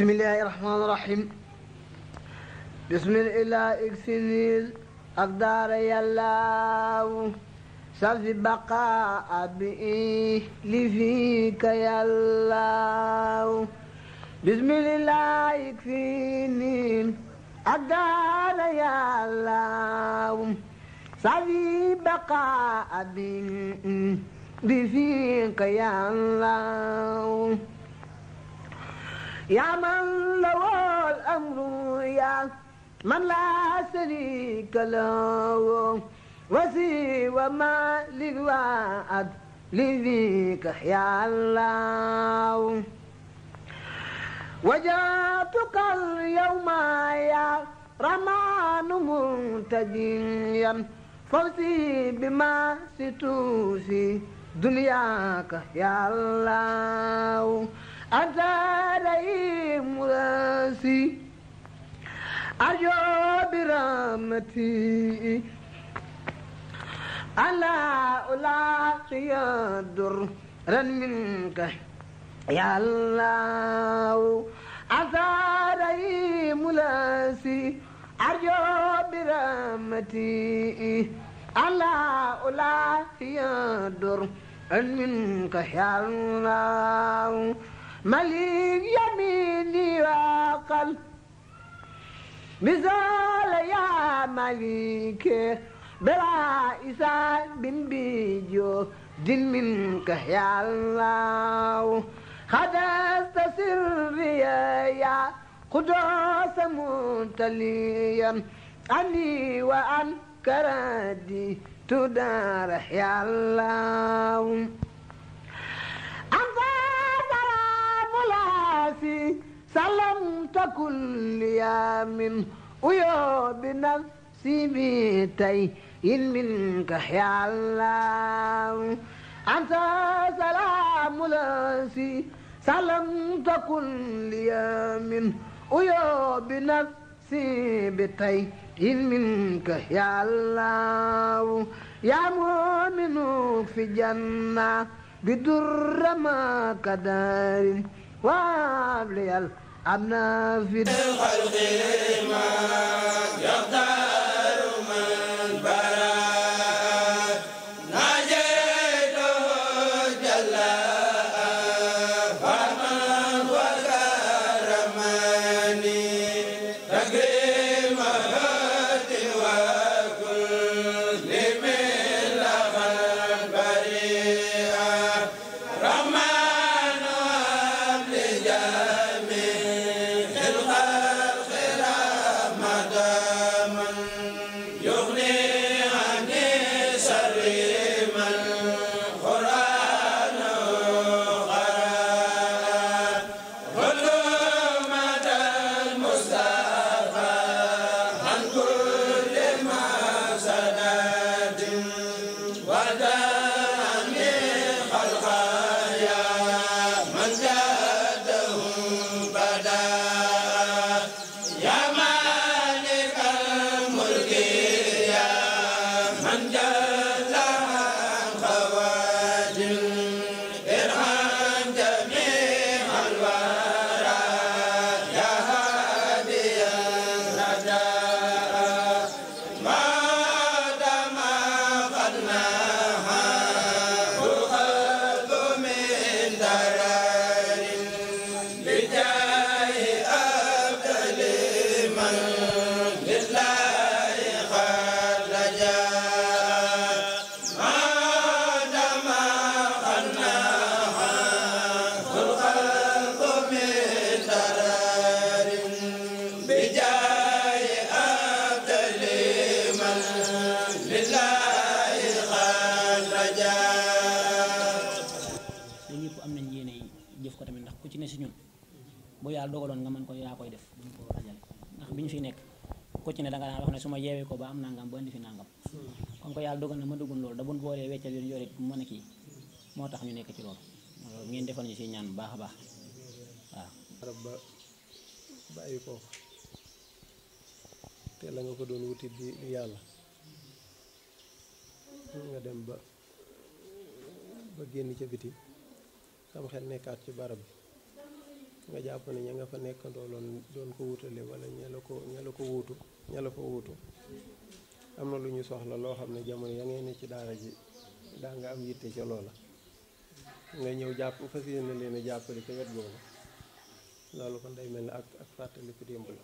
بسم الله الرحمن الرحيم بسم الله اكسنيل أقدار يلاو سلف بقاء بي لفيك يلاو بسم الله يكفيني أقدار يلاو سلف بقاء بي لفيك يلاو يا من له الأمر يا من لا شريك له وسوى وما للوعد لذيك يا الله وجاتك اليوم يا رمان منتجيا فوزي بما ستوسي دنياك يا الله أزاري مراسي أجو برامتي ألا ألاقي درا منك يا الله أزاري ملاسي أرجو برامتي ألا ألاقي درا منك يا الله مليك يميني وقل مزال يا مليك بلا إسان بن بيجو دين منك يا الله خدست سري يا قدوس متليا أني وأن كردي تدار يا الله أنظر نفسي سلم تكن يا من عيوب نفسي بتي منك يا الله أنت سلام لاسي سلم تكن يا من عيوب نفسي بتي منك يا الله يا مؤمن في جنة بدر ما كدار وابلي الأمن في الخلق ما يختار bu yàlla dogaloon nga mën ko yaa koy def duñ ko ndax bi ñu fi nekk ku ci ne da daan wax ne su ma yeewee ko ba am nangam ba indi fi nangam kon ko yàlla dogal na ma duggun loolu da buñ boolee weccal yoon yorit mu mën moo tax ñu nekk ci loolu ngeen defal ñu si ñaan bu baax a baax waaw barab ba bàyyi ko te la nga ko doon wuti di yàlla nga dem ba ba génn ca biti sam xel nekkaat ci barab bi nga jàpp ne ña nga fa nekkandoo loon doon ko wutale wala ña la ko ña la ko wuutu ña la fa wuutu am na lu ñu soxla loo xam ne jamono ya ngay ci daara ji daa nga am yitte ca loola nga ñëw jàpp fas yéene leen a jàppale ca wet googu loolu kon day mel ne ak ak fàttaliku démb la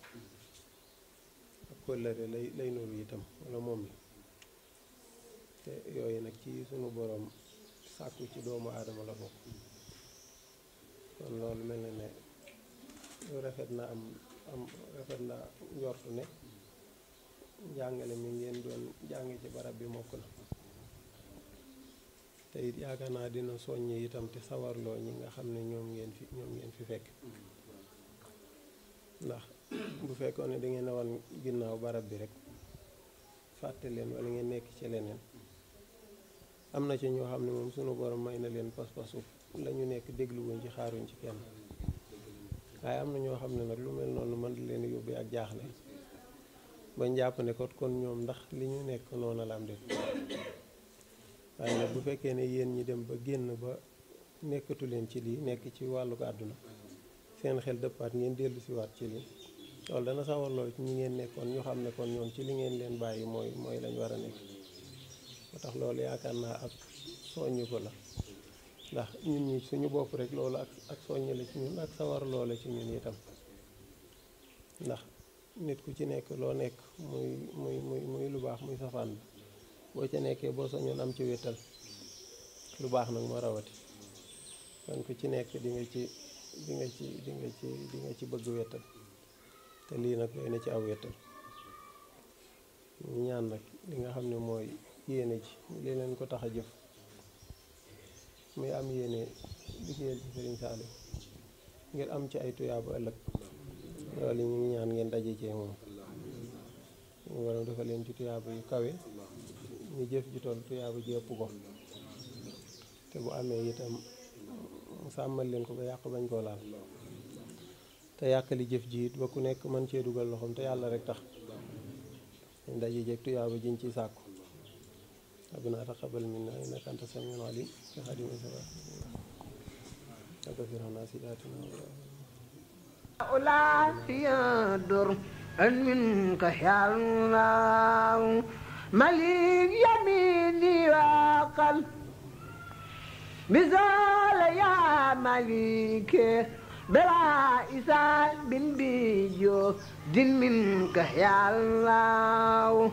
ak kóllëre lay lay nooru itam wala moom la te yooyu nag ci sunu boroom sàkku ci doomu aadama la bokk loolu mel na ne rafet na am am rafet na njortu ne njàngale mi ngeen doon jàng ci barab bi mokk na te it yaakaar naa dina soññi itam te sawarloo ñi nga xam ne ñoom ngeen fi ñoom ngeen fi fekk ndax bu fekkoon ne da ngeen a wan ginnaaw barab bi rek fàtte leen wala ngeen nekk ci leneen am na ci ñoo xam ne moom sunu borom may na leen pas-pasu la ñu nekk dégluwuñ ci xaaruñ ci kenn waaye am na ñoo xam ne nag lu mel noonu mën leen a yóbbee ak jaaxle bañ jàpp ne kot kon ñoom ndax li ñu nekk noonu la am waaye nag bu fekkee ne yéen ñi dem ba génn ba nekkatu leen ci lii nekk ci wàllu àdduna seen xel dëppaat ngeen dellu si ci lii loolu dana sawarloo ñi ngeen nekkoon ñu xam ne kon ñoom ci li ngeen leen bàyyi mooy mooy lañ war a nekk moo tax loolu yaakaar naa ab soññu ko la ndax ñun ñi suñu bopp rek loolu ak ak soññ la ci ñun ak sawar loola ci ñun itam ndax nit ku ci nekk loo nekk muy muy muy lu baax muy safaan bi boo ca nekkee boo sañoon am ci wétal lu baax nag moo rawati kon ku ci nekk di ci di nga ci di nga ci ci bëgg wétal te lii nag doy na ci aw wétal ñaan nag li nga xam ne mooy yéene ci li leen ko tax a jëf muy am yéene liggéeyal ci Serigne Saliou ngir am ci ay tuyaabu ëllëg loolu ñu ñaan ngeen daje cee moom ñu waroon dafa leen ci tuyaabu yu kawe ñu jëf ju toll tuyaabu ji ëpp ko te bu amee itam sàmmal leen ko ba yàq bañ koo laal te yàqali jëf jiit it ba ku nekk mën cee dugal loxoom te yàlla rek tax daje jeeg tuyaabu jiñ ci sàkku ربنا تقبل منا إنك أنت السميع العليم يا خادم الصلاة وكفر عنا سيئاتنا أولئك يدر أن منك حرام مليك يميني وقل مثال يا مليك بلا إسال بن بيجو دين منك يا الله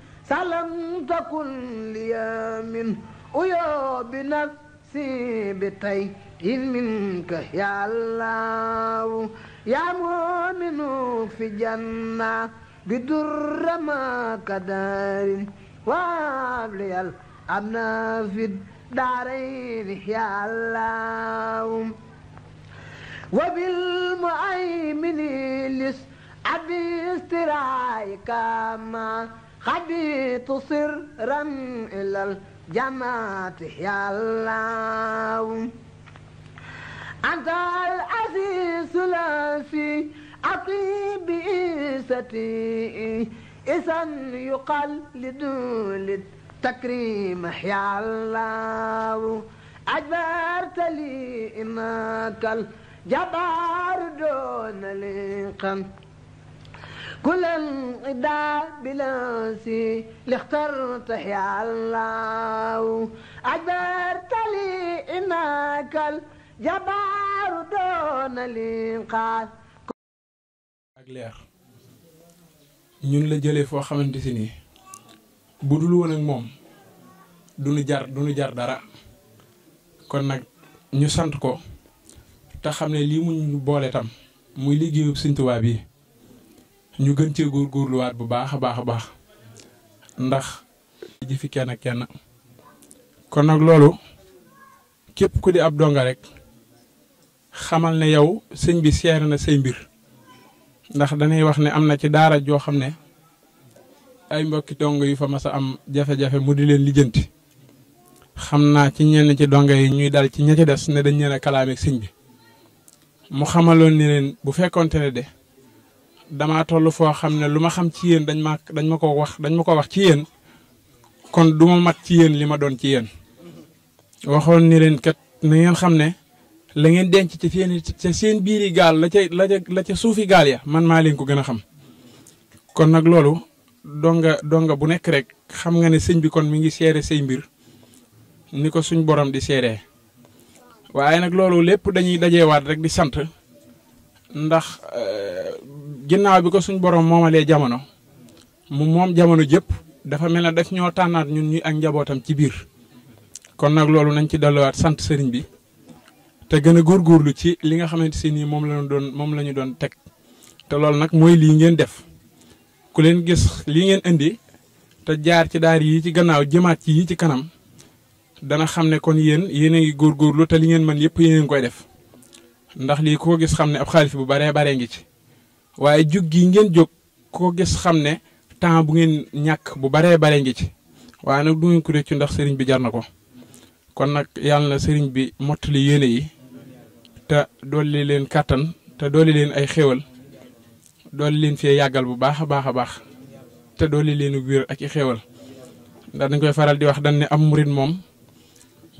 سلم تكن لي من أيا بنفسي بتي إن منك يا الله يا مؤمن في جنة بدر ما كدار وابلي الأمن في الدارين يا الله وبالمؤمن لس أبي استرايك ما تصر رم إلى الجماعة يا الله أنت العزيز في أطيب إيستي إذا يقال لدولد تكريم يا الله أجبرت لي إنك الجبار دون لقم كل انقضاء بلاسي اللي اخترته يا الله أجبرت لي إنك الجبار دون الإنقاذ ak leer ñun la jëlee foo xamante si nii bu dul woon ak moom du nu jar du jar dara kon nag ñu sant ko te xam ne lii mu boole tam muy liggéeyu Sëñ yi ñu gën ci cee góorgóorluwaat bu baax a baax a baax ndax ji fi kenn kenn kon nag loolu képp ku di ab donga rek xamal ne yow sëñ bi seere na say mbir ndax danay wax ne am na ci daara joo xam ne ay mbokki dong yu fa mas a am jafe-jafe mu di leen lijjanti xam naa ci ñenn ci donga yi ñuy dal ci ña ci des ne dañ leen a kalaameeg sëñ bi mu xamaloon ne leen bu fekkonte ne de. damaa tollu fo xamne luma lu xam ci yeen dañ ma dañ ma ko wax dañ ma ko wax ci yeen kon duma mat ci yeen lima don ci yeen waxon ni len kat ni ngeen xamne la ngeen denc ci fiene ci seen biiri gal la ci la ci la ci soufi gal ya man ma len ko gëna xam kon nak lolu donga donga bu nek rek xam nga ne señ bi kon mi ngi séré sey mbir ni suñ borom di séré waye nak lolu lepp dañuy wat rek di sante ndax eh, ginnaaw bi ko suñ borom moomalee jamono mu moom jamono jépp dafa mel na def ñoo tànnaat ñun ñuy ak njabootam ci biir kon nag loolu nañ ci delluwaat sant sëriñ bi te gën a góor góorlu ci li nga xamante si nii moom lañu doon moom la ñu doon teg te loolu nag mooy lii ngeen def ku leen gis lii ngeen indi te jaar ci daar yii ci gannaaw jëmaat ci yi ci kanam dana xam ne kon yéen yéen a ngi góorgóorlu te li ngeen mën yëpp yéen a koy def ndax lii ku ko gis xam ne ab xaalis bu baree baree ngi ci waaye jóg gi ngeen jóg koo gis xam ne temps bu ngeen ñàkk bu baree bare ngi ci waaye nag du ngeen ko réccu ndax sëriñ bi jar na ko kon nag yàlla na sëriñ bi li yéene yi te dolli leen kàttan te dolli leen ay xéwal dool leen fee yàggal bu baax a baax a baax te dolli leen wér ak i xéwal ndax dañ koy faral di wax dañ ne am murit moom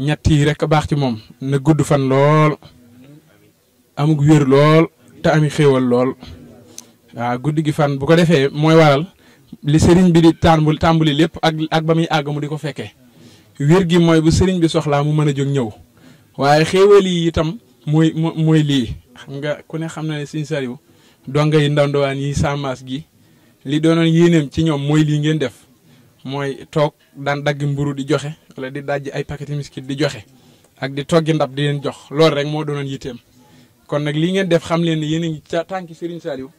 ñett yi rekk a baax ci moom na gudd fan lool amug wér lool te ami xéwal lool waaw guddi gi fan bu ko defee mooy waral li sëriñ bi di tàmbul tàmbuli lépp ak ak ba muy àgg mu di ko fekkee wér gi mooy bu sëriñ bi soxlaa mu mën a jóg ñëw waaye xéewal yi itam mooy mooy lii nga ku ne xam na ne sëriñ Saliou donga yi ndandowaan yi sàmmaas gi li doonoon yéeneem ci ñoom mooy lii ngeen def mooy toog daan dagg mburu di joxe wala di dajj ay paquet miskit di joxe ak di toggi ndab di leen jox lool rek moo doonoon yitteem kon nag lii ngeen def xam leen ne yéen ca tànki sëriñ Saliou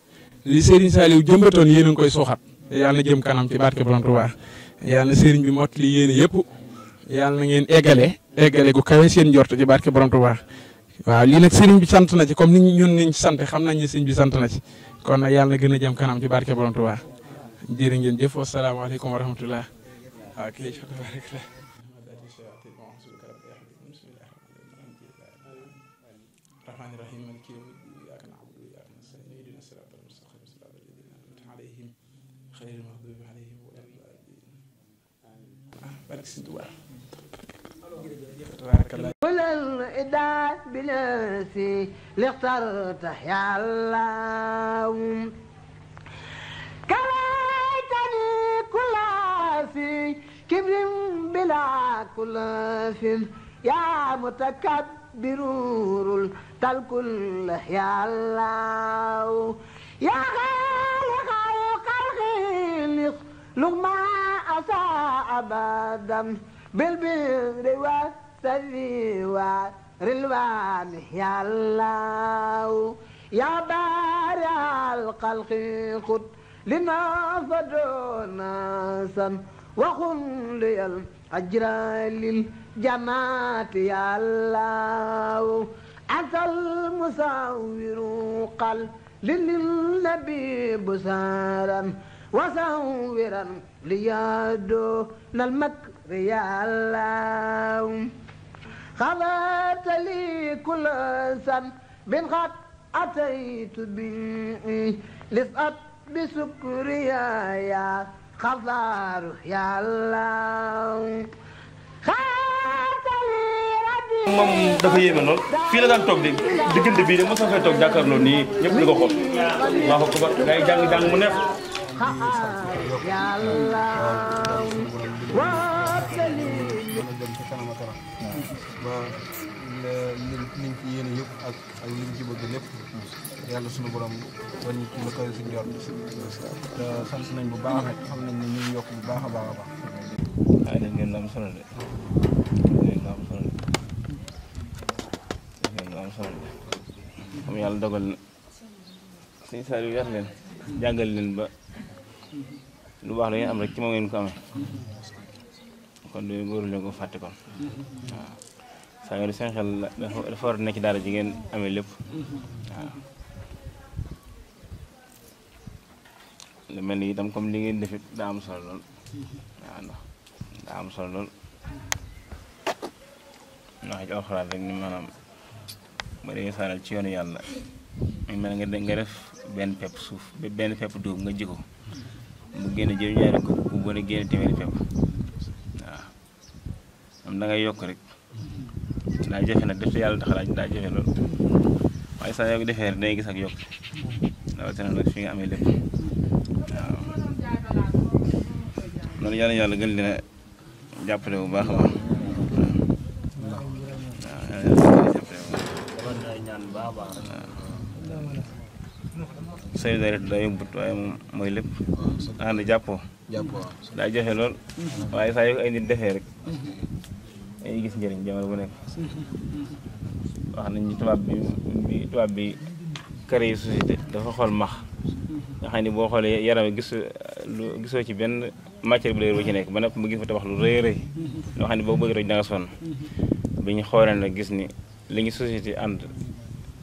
li Serigne Saliou jëmbatoon yéen a ngi koy suuxat yàlla na jëm kanam ci barke Borom Tuubaa yàlla na Serigne bi moo li yéen yëpp yàlla na ngeen eggale eggale gu kawe seen njort ci barke Borom Tuubaa waaw li nag Serigne bi sant na ci comme ni ñun niñ sant xam nañ ne bi sant na ci kon nag yàlla na gën a jëm kanam ci barke Borom Tuubaa jërë ngeen jëf wasalaamaaleykum wa rahmatullah waaw kii بارك الله كل الإداء بنفسي لاخترت يا الله كرهتني كل في كبر بلا كل في يا متكبر تل كل يا الله يا خالق الخلق لغما أساء أبدا بالبر والبر يا الله يا بارع القلق خد لنا فدونا سن وخن لي الأجر للجماعة يا الله أنت المصور قل للنبي بسارا وصورا ليادو للمكر يا الله خلات لي كل سن من قد أتيت به لسأت بسكريا يا خضار يا الله moom dafa yéeme lool fii la daan toog de diggante bii de mosoo fee toog jàkkaarloo nii ñëpp di ko xool maa ko ko ba ngay kanam a kanam ba liñ yëpp ak ak liñ lépp yàlla suñu borom war ñu ci nañ bu baax nag xam nañ ne ñu ngi yokk bu baax a baax a baax waaye dañ ngeen am solo de ngeen am solo de am yàlla dogal na suñu saar yu yar leen jàngal leen ba lu baax la ngeen am rek ci moom ngeen ko amee kon loolu waruñu ko fàtte kon waaw saa yoon seen xel dafa war a nekk daara ji ngeen amee lépp waaw ah. lu mel ni itam comme li ngeen defit daa am solo lool waaw ah, ndax daa am solo lool ndax ci alxuraan rek ni maanaam ba dee saaral ci yoonu yàlla mu mel nga nga def benn pep suuf benn pepp dóob nga ji mu génn jëm ñaari ko bu bone génn téeméeri pep moom da ngay yokk rek daa jafe nag def yàlla taxalaaj daa jafe lool waaye saa yoo ko defee rek day gis ak yokk rawatina nag fi nga amee lépp waaw loolu yàlla yàlla jàppale bu baax a baax waaw solidarité daa yombut waaye moom mooy lépp ànd jàppoo daa joxe lool waaye saa yu ko defee rek dañuy gis njëriñ jamono bu nekk wax nañ ñu tubaab bi bi bi créé yi société dafa xool max nga xam ni boo xoolee yaram a gis lu gisoo ci benn matière bu leer bu ci nekk ba nag mu gis fa tabax lu rëy rëy xam ne boo bëgg rek da nga sonn bi ñu xoolee nag gis ni li ñu société ànd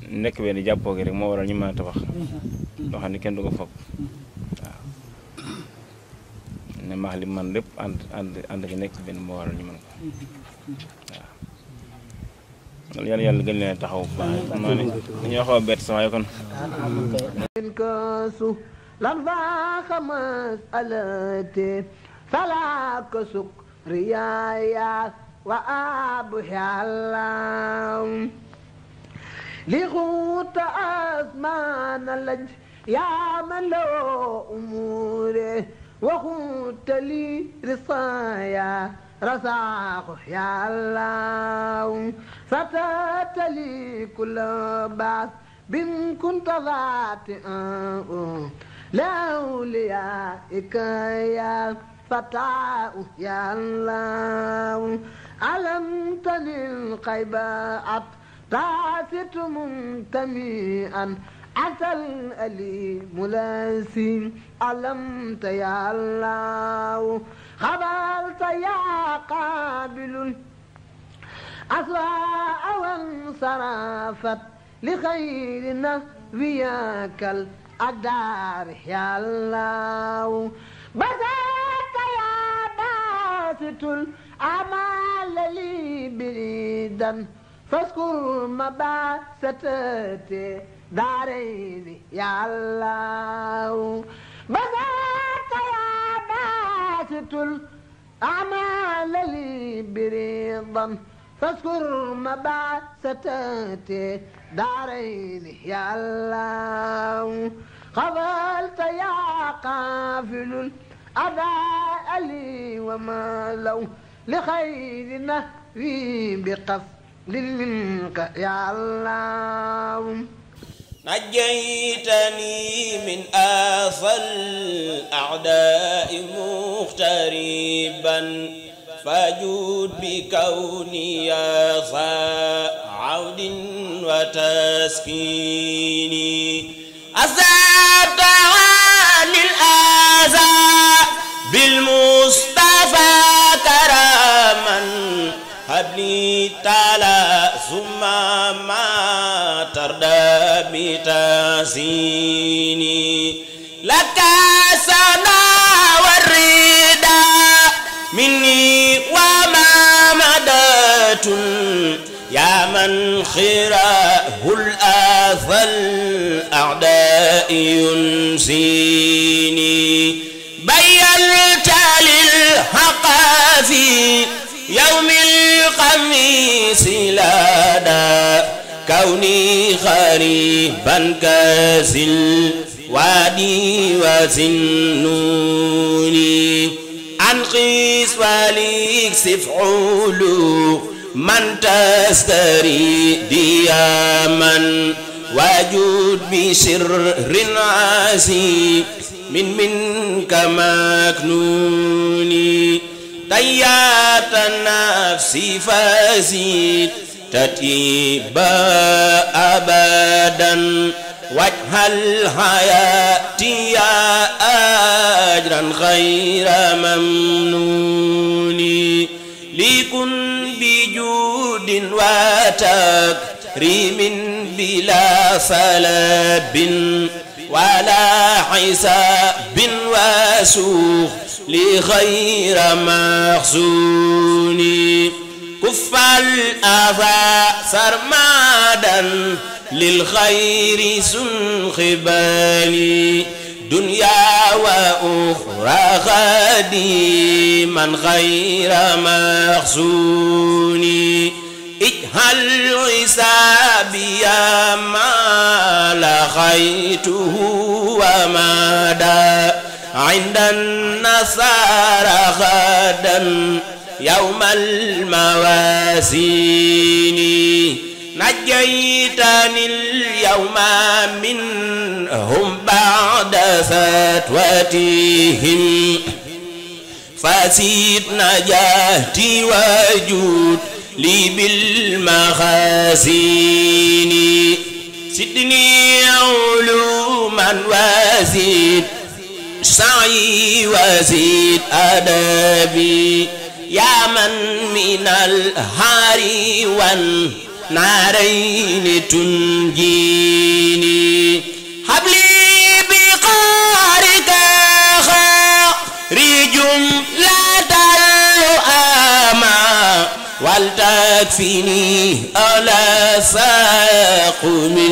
nekk benn jàppoo gi rek moo waral ñu mën a tabax loo xam ne kenn du ko foog ne maax li man lépp ànd ànd ànd ci benn moo waral ñu mën ko waaw yàlla yàlla gën leen baax maa ne dañoo xaw a bett sa waaye kon kaasu lan faa xamas wa abu xalam li xuuta asmaana laj yaa loo umuure وخوتلي لي رصايا رزاق يا الله فتات لي كل بعث بن كنت ذاتئا لأوليائك يا فتاة يا الله تلي للقيبات تعثت منتميئا أتى الأليم لاسي علمت يا الله خبرت يا قابل أسواء وانصرفت لخير نبياك الأدار يا الله بدأت يا باسط الأمال لي بريدا فاذكر مباستتي دارين يا الله بدأت يا باسط الأعمال لي بريضا فاذكر مبعثتات دارين يا الله قبلت يا قافل الأداء لي وما لو لخيرنا في بقف منك يا الله نجيتني من آفى الأعداء مغتربا فجود بكوني يا ذا عود وتسكيني أصبت عن الأذى بالمصطفى كراما هب لي تعالى ثم ما ترضى بتازيني لك سنا والرضا مني وما مدات يا من خراه الآف أعداء ينسيني بينت للحق في يوم الخميس لا دار كوني خريبا كاسي وادي وزنوني عن خصالك سف علو من تستري دياما وجود بسر عسيب من منك مكنوني طيات النفس فزيد تتيب أبدا وجه الحياة يا أجرا غير ممنون ليكن بجود وتكريم بلا سلب ولا حساب وسوخ لغير مخزوني كف الأذى سرمادا للخير سنخبالي دنيا وأخرى من خير مخزوني اجهل حسابي ما لخيته ومدى عند النصارى غدا يوم الموازين نجيتني اليوم منهم بعد فتوتهم فسيد نجاتي وجود لي بالمخازين سدني علوما وزيد سعي وزيد أدبي يا من من الهار والنارين تنجيني حبلي بقارك خارج لا تلو آما والتكفيني على ساق من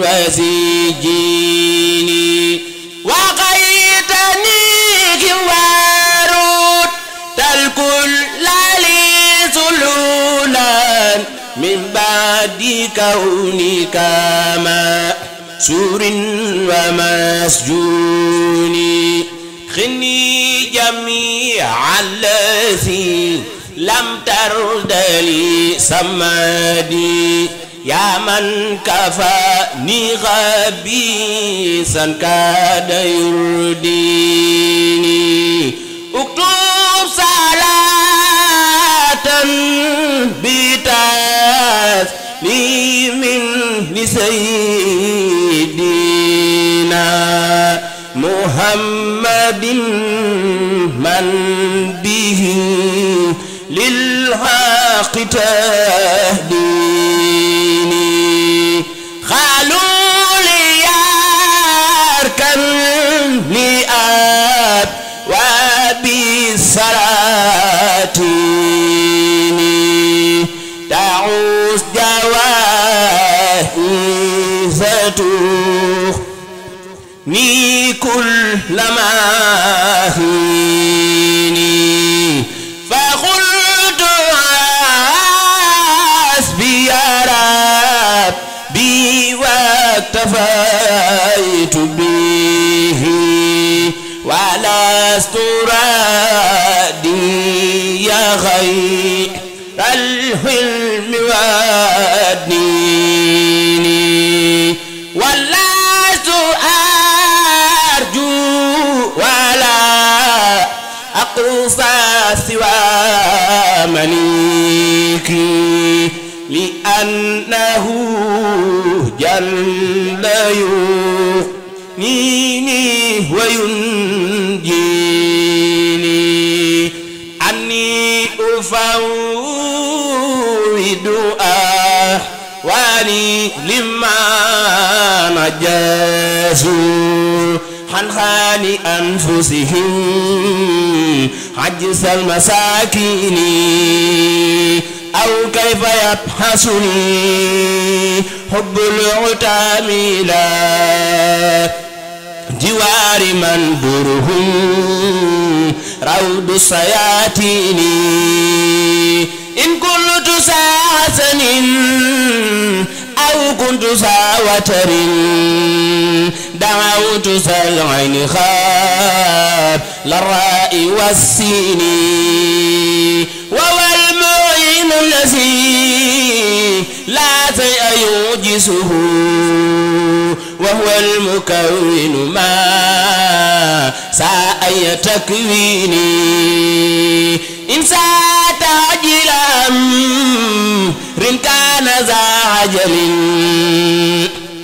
وزيجيني وقيتني من بعد كونك ما سور ومسجون خني جميع الذي لم ترد لي سمادي يا من كفاني غبيسا كاد يرديني اكتب بسيدنا محمد من به للحق تهدي لماهيني فقلت حسبي يا ربي واكتفيت به ولست رادي يا غير الحلم والدين ولا مليكي لأنه جل يغنيني وينجيني أني أفوض أحوالي لما نجاسوا عن حال أنفسهم عجز المساكين أو كيف يبحثني حب العتام إلى جوار من درهم روض السياتين إن كنت ساسن أو كنت ساوتر دعوت سلعين خاب للراء والسين وهو الذي لا يوجسه وهو المكون ما ساء تكويني إن سات عجلا رن كان ذا عجل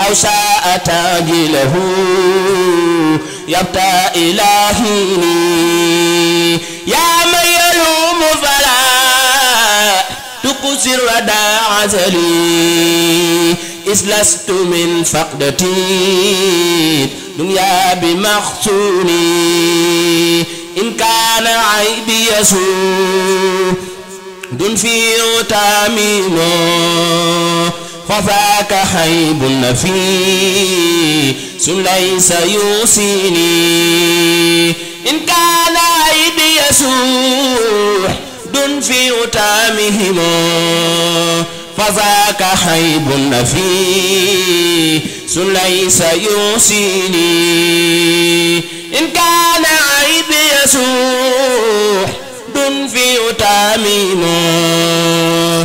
لو شاء تاجله يبتى إلهي يا من يلوم فلا تقصر ودا عزلي إذ لست من فقدتي دنيا بمخصوني إن كان عيب يسوع دون في تاميمه فذاك حيب نفي ثم ليس يوصيني إن كان عيد يسوح دن في أتامهما فذاك حيب نفي ثم ليس يوصيني إن كان عيب يسوح دن في أتامهما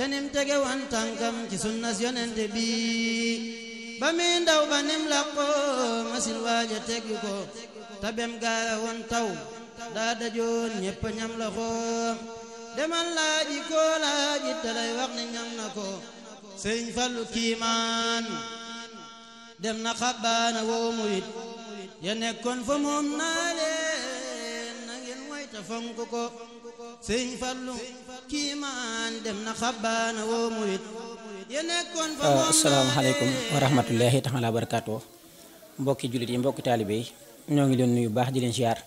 te nim tege woon tànkam ci sunnas yonente bi ba muy ndaw ba nim làqoo masil waaja teggi ko tabem gaara woon taw daa dajoon ñépp ñam la xoom demal laaji koo laaji te lay wax ni ñam na Fallu kiimaan dem na xabbaana woo murit ya nekkoon fa moom naa leen na ngeen moyta Ya eh, assalamualaikum warahmatullahi taala wabarakatuh. mbokki julit yi mbokki talibé ñoo ngi leen nuyu baax di leen ziar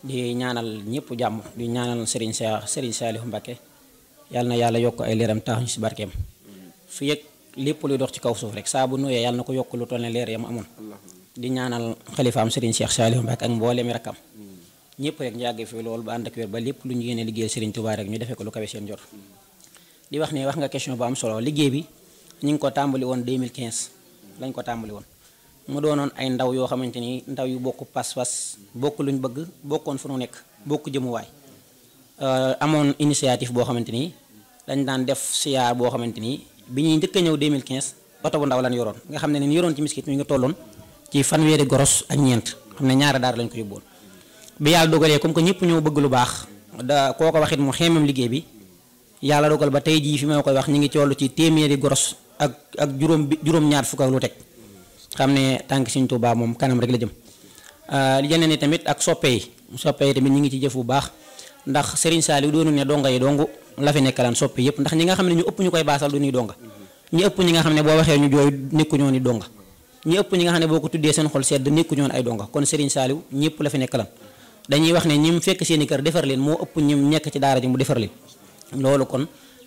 di ñaanal ñepp jamm di ñaanal serigne cheikh serigne salih Mbakke Yalna na yok yokk ay leeram tax ñu si barkeem fi yek lepp lu dox ci kaw suuf rek sa bu nuyee yalla nako yok lu toll leer yam amul di ñaanal am serigne Cheikh salih Mbakke ak mbooleemi rakkam ñëpp rek njàgg fi loolu ba ànd ak wér ba lépp lu ñu yéene liggéeyal Serigne Touba rek ñu defee ko lu kawe seen jot di wax ne wax nga question bu am solo liggéey bi ñu ngi ko tàmbali woon 2015 lañ ko tàmbali woon mu doonoon ay ndaw yoo xamante ni ndaw yu bokk pas-pas bokk luñ bëgg bokkoon fu nu nekk bokk jëmuwaay euh, amoon initiative boo xamante ni dañ daan def siyaar boo xamante ni bi ñuy njëkk a ñëw 2015 oto bu ndaw lañ yoroon nga xam ne ni ñu yoroon ci miskit mi nga tolloon ci fanweeri goros ak ñeent xam ne ñaari daara lañ ko yóbboon bi yalla dogalé comme ko ñepp ñoo bëgg lu baax da koko waxit mu xémam liggéey bi yalla dogal ba tay ji fi may koy wax ñi ngi toll ci téeméeri goros ak ak juroom juroom ñaar fuk ak lu tek xamné tank tànk touba mom kanam rek la jëm euh li jëne ni tamit ak soppé yi soppé yi tamit ñi ngi ci jëf bu baax ndax Serigne salih doonu ne donga yi dongu la fi nekkalaan soppé yépp ndax ñi nga xamné ñu upp ñukoy baasal du ñuy donga ñi upp ñi nga xamné bo waxé ñu joy nekku ñoo ni donga ñi upp ñi nga xamné boko tuddé seen xol sédd nekku ñoon ay donga kon Serigne salih ñepp la fi nekkalaan dañuy wax ne ñi mu fekk seen i kër defar leen moo ëpp ñim nekk ci daara ji mu defar leen loolu kon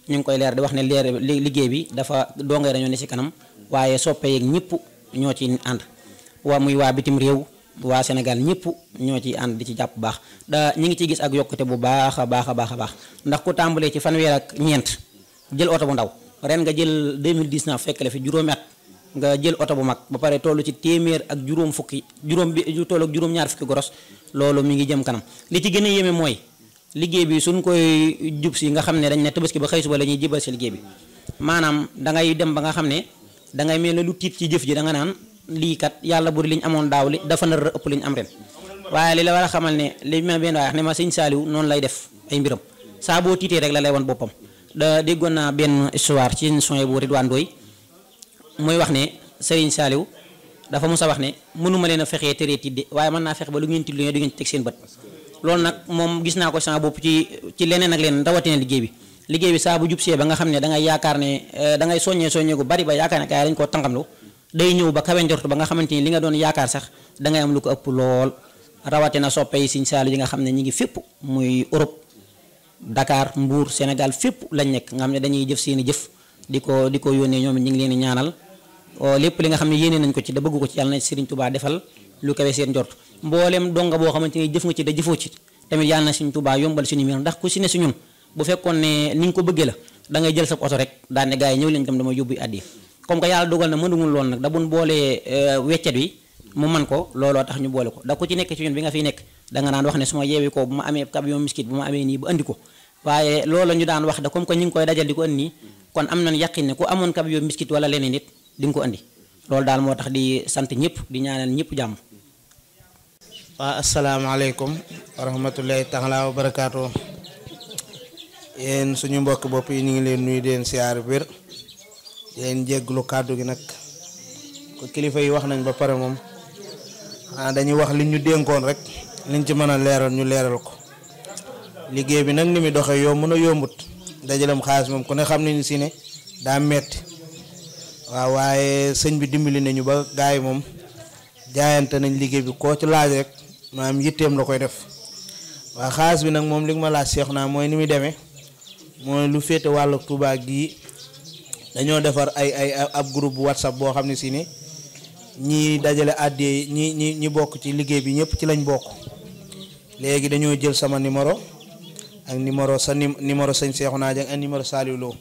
ñu ngi koy leer di wax ne leer liggéey bi dafa dongay dañoo ne ci kanam waaye soppe yeeg ñëpp ñoo ci ànd waa muy waa bitim réew waa Sénégal ñëpp ñoo ci ànd di ci jàpp baax da ñu ngi ciy gis ak yokkute bu baax a baax a baax a baax ndax ku tàmbalee ci fanweer ak ñeent jël oto bu ndaw ren nga jël fekk la fi juróomi at nga jël auto bu mag ba paré toll ci témèr ak juróom fukki juróom bi toll ak juróom ñaar fukki goros lolu mi ngi jëm kanam li ci gëna yéme moy liggéey bi suñ koy jub si nga xamné dañ né tabaski ba xëy suba la ñuy jébal si liggéey bi manam da ngay dem ba nga xamné da ngay mel lu tit ci jëf ji da nga naan li kat yalla buri liñ amoon daaw dafa na ëpp liñ am ren waye li la wara xamal né li ma wax né ma saliw non lay def ay mbiram sa bo tité rek la lay won bopam da déggona ben histoire ci son bu ridwan Doy muy wax ne Serigne saliw dafa musa wax ne munuma leena fexé téré tere waye man na fex ba lu ngeen tidé du ngeen tek seen bët lool nak mom gis na ko sa bop ci ci leneen ak leneen rawatina liggéey bi liggéey bi sa bu jub see ba nga xamné da ngay yaakar né eh, da ngay soññee soññee gu bari ba nak ay lañ ko tangam lu day ñëw ba kawe njort ba nga xamanteni li nga doon yaakar sax da ngay am lu ko ëpp lool na soppé yi Serigne Saliou yi nga xamné ñi ngi fep muy Europe Dakar Mbour Senegal, fep lañ nek nga xamné dañuy jëf seeni jëf diko diko yone ñom yónnee leen ñaanal Oh, lepp li nga xamni yene nañ ko ci da bëgg ko ci yalla na Serigne Touba defal lu kawé seen jort mbollem donga bo xamanteni def nga ci da jëfoo ci tamit yalla na Serigne Touba yombal suñu mir ndax ku ci ne suñu bu fekkone ne ni nga ko bëggee la da ngay jël sa auto rek da gars gaay ñew leen dem dama yóbbu addi comme que yalla dogal na mënumul lon nak da buñ bolé euh, weccet wi mu man ko lolo tax ñu bolé ko da ko ci nekk ci ñun bi nga fi nekk da nga naan wax ne suma yewi ko bu ma amé camion miskit bu ma amé ni bu andi ko waye lolo ñu daan wax da comme ko ñing koy dajal diko andi kon am nañ ne ku camion miskit wala leneen nit ding ko andi lol dal motax di santi ñëpp di ñaanal jamm wa assalamu alaykum wa rahmatullahi taala wa barakatuh en suñu mbokk bop yi ñi ngi leen nuy den siyaar bir en jéglu kaddu gi nak ko kilifa yi wax nañ ba pare mom dañuy wax li ñu dénkoon rek liñ ci mëna léral ñu léral ko liggéey bi nak ni mi doxé yo mëna yombut dajalam xaalis mom ku ne xamni ni sine da metti wa waye señ bi dimbali nañu ba gaay mom jaayante nañ liggey bi ko ci laaj rek manam yittem la koy def wa xaalis bi nak mom li ma laaj seex naa mooy ni muy lu féete walu Touba gi dañu defar ay ay ab groupe whatsapp bo xamni si ni ñi dajale àddee ñi ñi ñi bok ci liggey bi ñepp ci lañ bok léegi dañu jël sama numéro ak numéro sa numéro sëñ na Jeng ak numéro salilo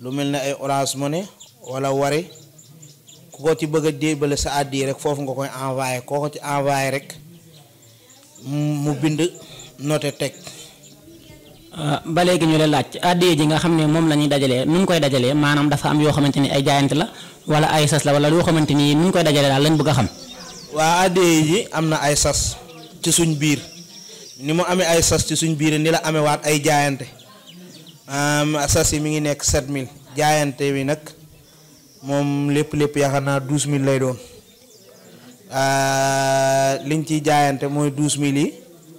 lu melni ay Orange Money wala wari ku ko ci bëgg a sa àddi rek foofu nga koy envoyé koo ko ci envoyé rek mu bind noté teg. Ah, ba léegi ñu la laaj àddi yi nga xam ne moom la ñuy dajalee nu ñu koy dajalee maanaam dafa am yoo xamante ni ay jaayante la wala ay sas la wala yoo xamante ni nu ñu koy dajalee daal lañ bëgg a xam. waa àddi ji am na ay sas ci suñ biir ni mu amee ay sas ci suñ biir ni la amee waat ay jaayante sas yi mi ngi nekk 7000 jaayante bi nag. moom lépp lépp yaakaar naa douze mille lay doon euh, liñ ciy jaayante mooy douze mille yi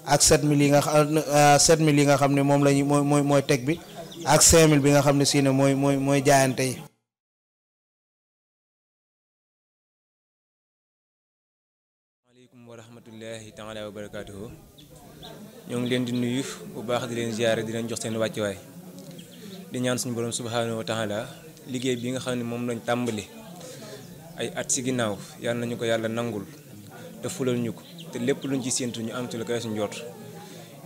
ak sept mille yi nga euh, sept yi nga xam ne moom la ñu mooy mooy mooy teg bi ak cinq mille bi nga xam ne si ne mooy mooy mooy jaayante yi. maaleykum wa rahmatullahi taala wa barakaatuhu ñoo ngi leen di nuyu bu baax di leen ziare di leen jox seen wàccuwaay di ñaan suñu borom subhanahu wa liggéey bi nga xam ne moom lañu tàmbali ay at si ginnaaw yal nañu ko yàlla nangul te fulal ñu ko te lépp luñ ci séntu ñu am ci lu koy suñu jot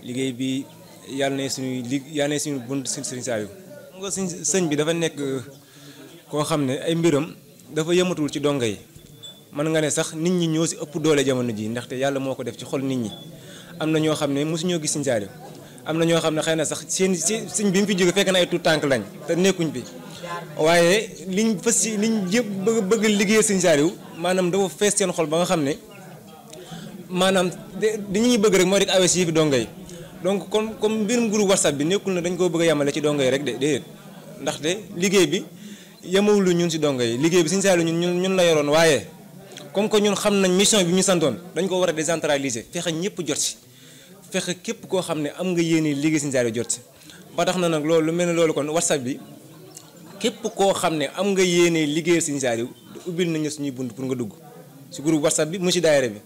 liggéey bi yàlla ne suñuy suñu bunt si sëñ Saliou nga sëñ bi dafa nekk koo xam ne ay mbiram dafa yëmatul ci donga yi mën nga ne sax nit ñi ñoo si ëpp doole jamono ji ndaxte yàlla moo ko def ci xol nit ñi am na ñoo xam ne mosuñoo gis sëñ Saliou am na ñoo xam ne xëy na sax seen sëñ bi mu fi jóge fekk na ay tuut tànk lañ te nekkuñ bi waaye liñ fas ci liñ jëpp bëgg bëgg liggéey sëñ Saaliw maanaam dafa fees seen xol ba nga xam ne maanaam dañuy bëgg rek mooy rek awe si yëfi donga yi donc comme comme mbirum groupe whatsapp bi nekkul na dañ koo bëgg a yemale ci donga yi rek de déedéet ndaxte liggéey bi yemawul ñun si donga yi liggéey bi sëñ Saaliw ñun ñun la yoroon waaye comme que ñun xam nañ mission bi ñu santoon dañ ko war a décentraliser fexe ñëpp jot si fexe képp koo xam ne am nga yéene liggéey sëñ Saaliw jot si ba tax na nag loolu lu mel ne loolu kon whatsapp bi képp koo xam ne am nga yéene liggéey Serigne Saliou ubbil nañu suñuy bunt pour nga dugg si groupe whatsapp bi mu si daayira bi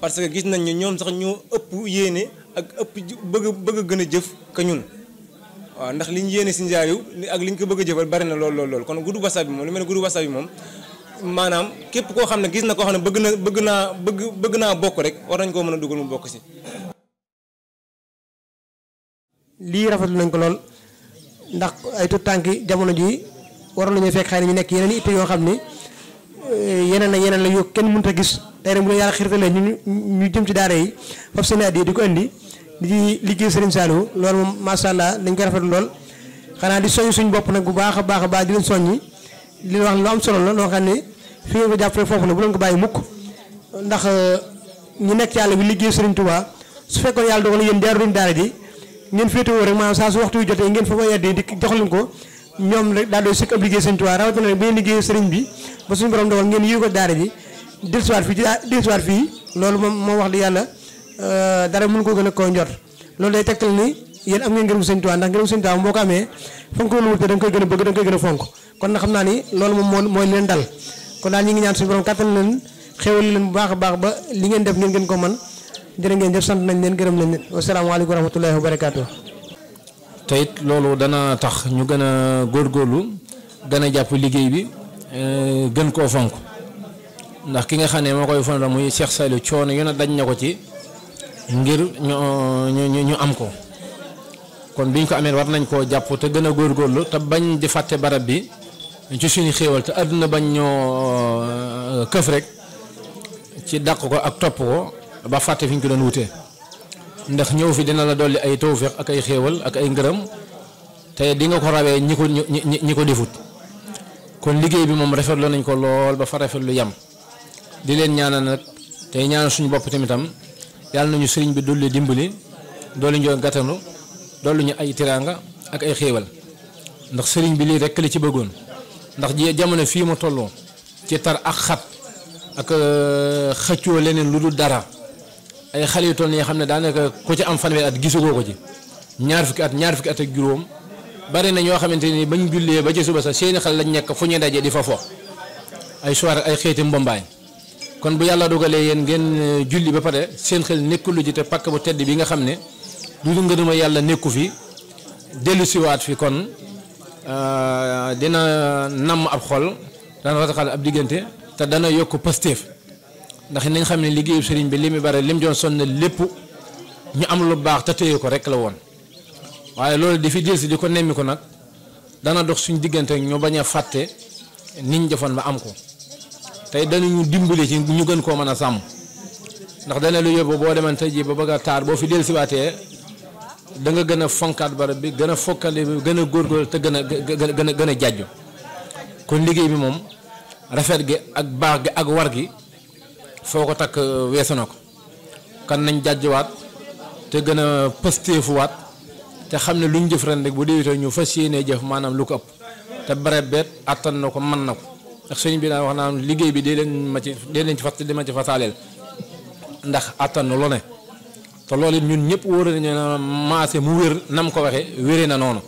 parce que gis nañ ne ñoom sax ñoo ëpp yéene ak ëpp bëgg bëgg gën a jëf ka ñun waaw ndax liñ yéene Serigne Saliou ak liñ ko bëgg a jëfal bari na lool lool lool kon groupe whatsapp bi moom lu mel ne groupe whatsapp bi moom maanaam képp koo xam ne gis na koo xam ne bëgg na bëgg naa bëgg bëgg naa bokk rek war nañ koo mën a dugal mu bokk si lii nañ ko lool ndax jamono ji waroon nañoo fekk xëy na ñu nekk yeneen itte yoo xam ne eh, yeneen la yeneen la yoo kenn mënut a gis tey rek bu la yàlla xirtalee ñu ñu jëm ci daara yi fab seen addiya di ko indi di liggéey Serigne Saliou loolu moom macha allah dañ ko rafet lool xanaa di soññ suñ bopp nag bu baax a baax a baax di leen soññi li wax lu am solo la loo xam ne fi nga ko jàppale foofu la bu leen ko bàyyi mukk ndax eh, ñu nekk yàlla bi liggéey Serigne Touba su fekkoon yàlla dogal yéen jaaru daara ji ngeen féetewoo rek maanaam saa su waxtu yu ngeen fa ko yeddi di ko ñom rek daa do sik ab liggéey sëñ Tuubaa rawatina nag bi sëriñ bi ba suñu borom dogal ngeen yiw ko daara ji soir fi fii soir fi loolu moom mo wax li yalla euh dara mënu ko gëna ko ñor njot loolu day tekkal ni yeen am ngeen ngërëm sëñ Tuubaa ndax ngërëm sëñ Tuubaa moko amé amee fa nga ko wut da nga koy gëna bëgg dang koy gëna a fonk kon na xamna ni loolu moom moy leen dal kon dal ñi ngi ñaan suñu borom katal leen xewal leen bu baax baax ba li ngeen def ngeen gën ko man jërë ngeen def sant nañ leen gëreem nañ leen alaykum wa rahmatullahi wa barakatuh te it loolu dana tax ñu gën a góorlu gën a jàpp liggéey bi eh, gën koo fonk ndax ki nga xam ne moo koy fonk muy Cheikh Saliou coono yu ne daj na ko ci ngir ñu ñu am ko kon biñ ko amee war nañ koo jàpp te gën a góorlu te bañ di fàtte barab bi ci suñu xéewal te àdduna bañ ñoo eh, këf rek ci dàq ko ak topp ko ba fàtte fi ñu ko doon wutee ndax ñëw fi dina la dolli ay tawféex ak ay xéewal ak ay ngërëm te di nga ko rawee ñi ko ñi ko defut kon liggéey bi moom rafetlu nañ ko lool ba fa lu yam di leen ñaanal nag te ñaanal suñu bopp tamitam yàlla nañu sëriñ bi dolli dimbali dolli ñoo gàttanu dolli ñu ay tiraanga ak ay xéewal ndax sëriñ bi lii rek li ci bëggoon ndax jamono fii ma tolloo ci tar ak xat ak euh, xëccoo leneen lu dul dara ay xale yu toll nii xam ne daanaka ku ci am fanweeri at gisagoo ko ci ñaar fukki at ñaar fukki at ak juróom bari na ñoo xamante ni bañ jullee ba ci suba sax seeni xel lañ nekk fu ñuy dajee di fa fo ay soirée ay xeeti mbombaay kon bu yàlla dogalee yéen ngeen julli ba pare seen xel nekkul lu ji te pakk bu tedd bi nga xam ne du du ngërëma yàlla nekku fi dellu siwaat fi kon dina namm ab xol dana rataxal ab diggante te dana yokk pastéef ndax ñu xam ligéy sëriñ bi limi bari lim joon sonné lépp ñu am lu baax ta téye ko rek la woon waye loolu di fi delsi di ko nemmi ko nak dana dox suñu digënté ñu baña faté niñ jëfon ba am ko tay dañu ñu dimbali ci ñu gën ko mëna sam sàmm ndax dana lu yobbo bo boo tay ji ba bëgg a taar boo fi waté da nga gëna fonkat bar bi gëna fokalé bi gëna gorgol te gëna gëna gëna a gën a jàjju kon liggéey bi mom rafet gi ak baax gi ak war gi foo ko takk euh, weesu na ko kan nañ jàjjwaat te gën a pëstéefuwaat te xam ne luñ jëf ren rek bu déwétee ñu fas yéenee jëf maanaam lu ko ëpp te bare beet àttan na ko mën na ko ndax sëñ bi naa wax naan liggéey bi dee leen ma ci dee leen ma ci fasaaleel ndax attan lu ne te loolu it ñun ñëpp wóor nañu ne maase mu wér nam ko waxee wéree na noonu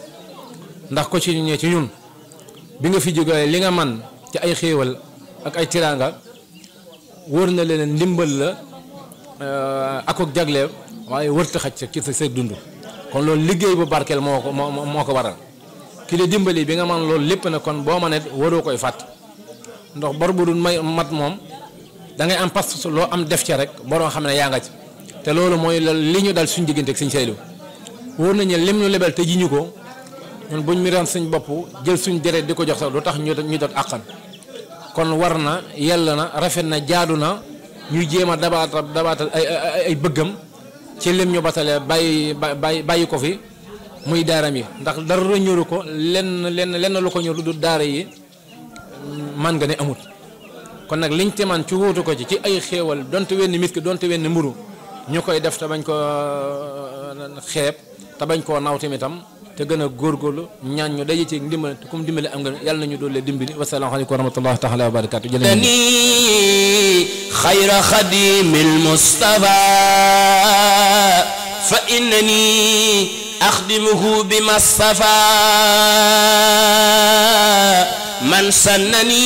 ndax ko ci ñee ci ñun bi nga fi jógee li nga man ci ay xéewal ak ay tiraanga wóor na leen ndimbal la euh, ak ak jagleel waaye wërta xaj sa ci sa sa dund kon loolu liggéey bu barkeel moo ko moo moo ko waral ki la dimbali bi nga man loolu lépp na kon boo ma waroo koy fàtt ndox bor bu dul may mat moom da ngay am pas loo am def ca rek boroo xam ne yaa nga ci te loolu mooy li ñu dal suñu diggante ak suñu saylu wóor nañu lim ñu lebal te ji ñu ko ñun buñ mi ran suñ bopp jël suñ deret di ko jox sax lu tax ñu ñu doot àqan kon war na yell na rafet na jaadu na ñu jéem a dabaata dabaatal ay ay bëggam ci lim ñu batale bàyyi bàyyi ko fi muy daaram yi ndax dara ñoru ko lenn lenn lenn lu ko ñoru du daara yi man nga ne amut kon nag liñ temaan ci wóotu ko ci ci ay xéewal donte wenn miski donte wenn mburu ñu koy def te bañ ko xeeb te bañ koo naw tamitam te gën a góorgóorlu ñaan ñu daje ci ndimbal te comme dimbali am nga yàlla nañu doole dimbali wasalaamaaleykum wa rahmatullahi taala wa barakatu jëlani xayra xadimil mustafa fa innani axdimuhu bima stafa man sannani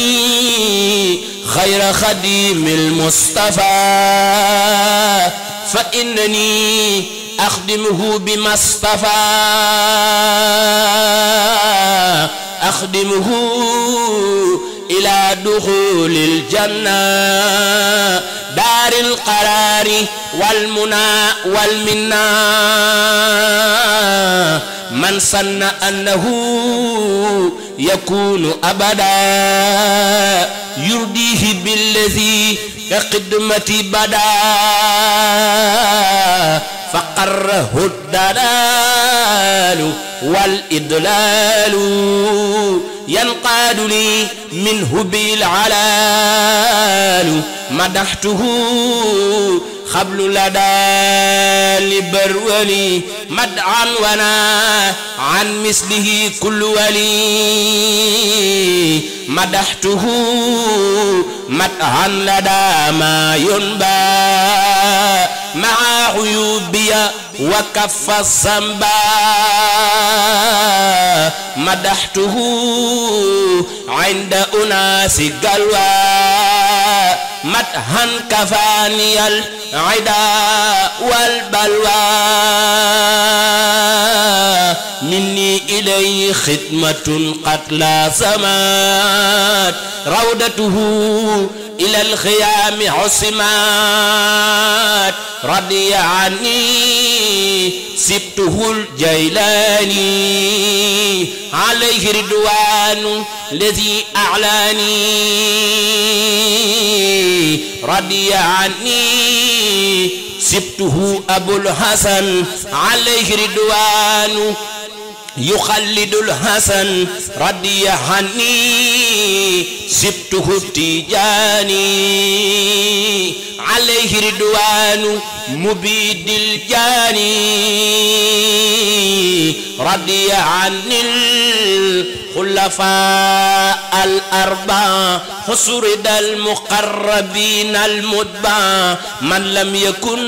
xayra xadimil mustafa fa innani أخدمه بما اصطفى أخدمه إلى دخول الجنة دار القرار والمنى والمنى من سن أنه يكون أبدا يرديه بالذي كقدمة بدا فقره الدلال والإدلال ينقاد لي منه بالعلال مدحته خبل لدى لبرولي مدعا ونا عن مثله كل ولي مدحته مدعا لدى ما ينبى مع عيوبي وكف الصنبا مدحته عند أناس قلوى مدحا كفاني ayda والبلوى مني إليه خدمة قد لازمت سمات روضته إلى الخيام عصمات رضي عني سبته الجيلاني عليه رضوان الذي أعلاني رضي عني سبته أبو الحسن عليه رضوان يخلد الحسن رضي عني سبته التجاني عليه رضوان مبيد الجاني رضي عني الخلفاء الأربعة فسرد المقربين المتبع من لم يكن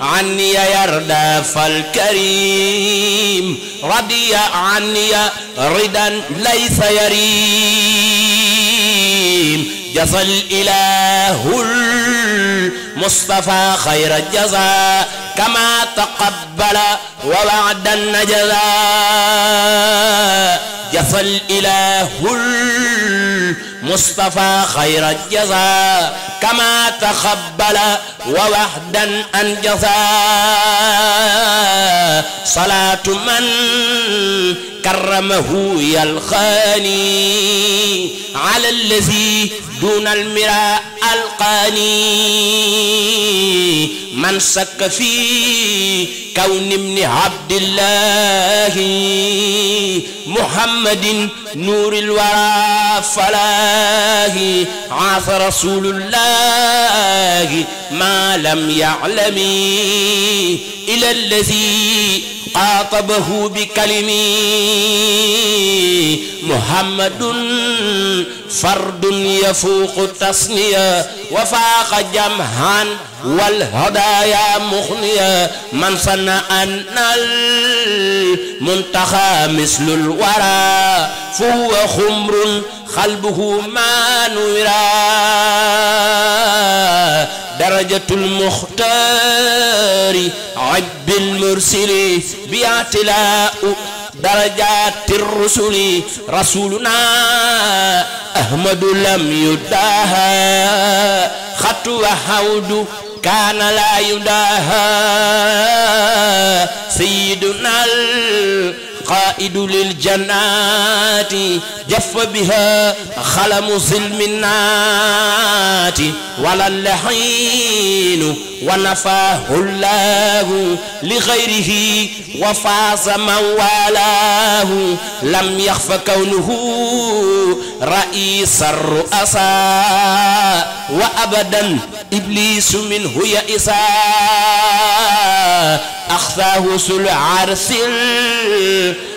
عني يرضى فالكريم رضي عني ردا ليس يريم جزى الإله المصطفى خير الجزاء كما تقبل ووعد النجزاء فالإله مصطفى خير الجزاء كما تخبل ووحدا أنجزا صلاة من كرمه يا الخاني على الذي دون المراء القاني من سك في كون ابن عبد الله محمد نور الورى فلا الله عاف رسول الله ما لم يعلم إلى الذي خاطبه بكلمي محمد فرد يفوق التصنيع وفاق جمعا والهدايا مخنية من صنع أن المنتخى مثل الورى فهو خمر خلبه ما نورا درجة المختار عب المرسل باعتلاء درجات الرسل رسولنا أحمد لم يداها خطوة حود كان لا يداها القائد للجنات جف بها خلم ظلم النات ولا اللحين ونفاه الله لغيره وفاز من والاه لم يخف كونه رئيس الرؤساء وأبدا إبليس منه يئسا أخفاه سل عرس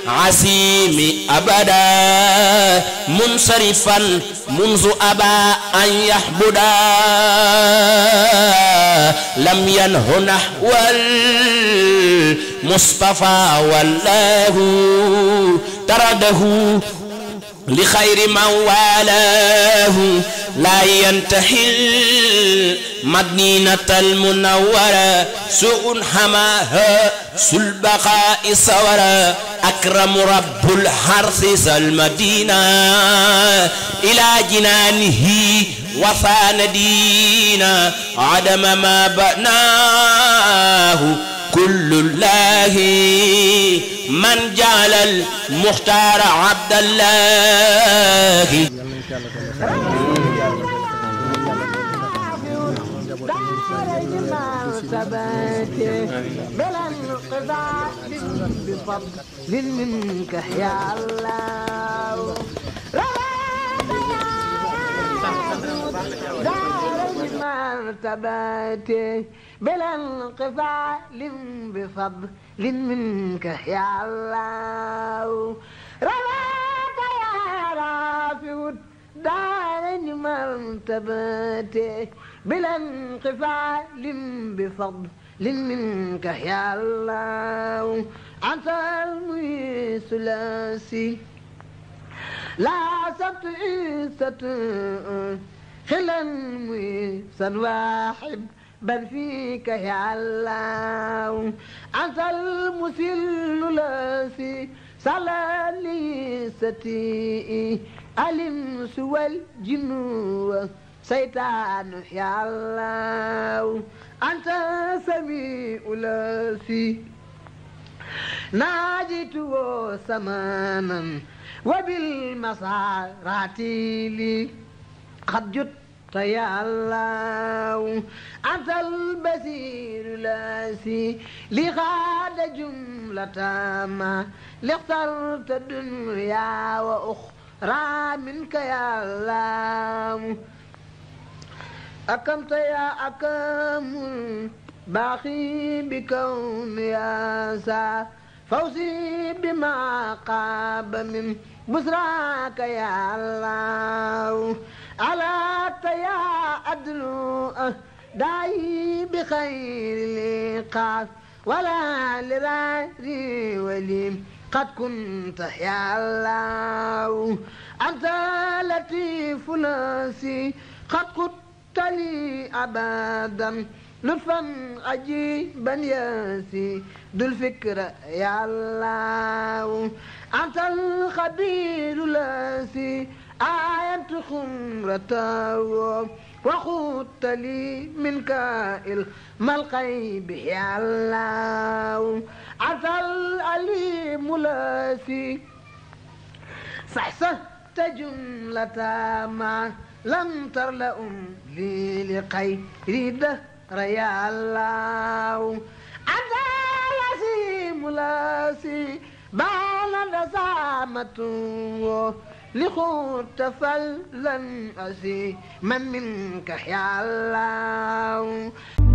العسيم أبدا منصرفا منذ أبى أن يحبدا لم ينه نحو المصطفى والله طرده لخير من والاه لا ينتحل مدينة المنورة سوء حماها سلبقاء صورا أكرم رب الحرث المدينة إلى جنانه وفان دينا عدم ما بناه كل الله من جعل المختار عبد الله بلا انقضاء بفضل منك يا الله دار مرتباتي بلا انقفال بفضل منك يا الله رمات يا رافع دارني مرتباتي بلا لم بفضل منك يا الله عسى المثلثي لا إنسة خلا ويفسد واحد بل فيك يا علام أنت المسل لاسي صلى لي ستي ألم سوى الجنوة سيطان يا الله أنت سميع لاسي ناجت وسمانا وبالمسارات لي قد جدت يا الله أنت البصير لاسي لغاد جملة ما لاخترت الدنيا وأخرى منك يا الله أكمت يا أكم باقي بكون يا سا فوزي بما قاب من بسراك يا الله على تيا أدنو أه، داي بخير لقاف ولا لراري وليم قد كنت يا الله أنت لطيف ناسي قد كنت لي أبدا لطفا عجيبا ياسي ذو الفكرة يا الله أنت الخبير لاسي آية خمرته وخوت لي كائل الملقي به يا الله عسى الأليم لاسي صحصحت جملة ما لم تر لأم لي لقي دهر يا الله عسى الأليم لاسي بان لزامته لخوت لن أسي من منك يا الله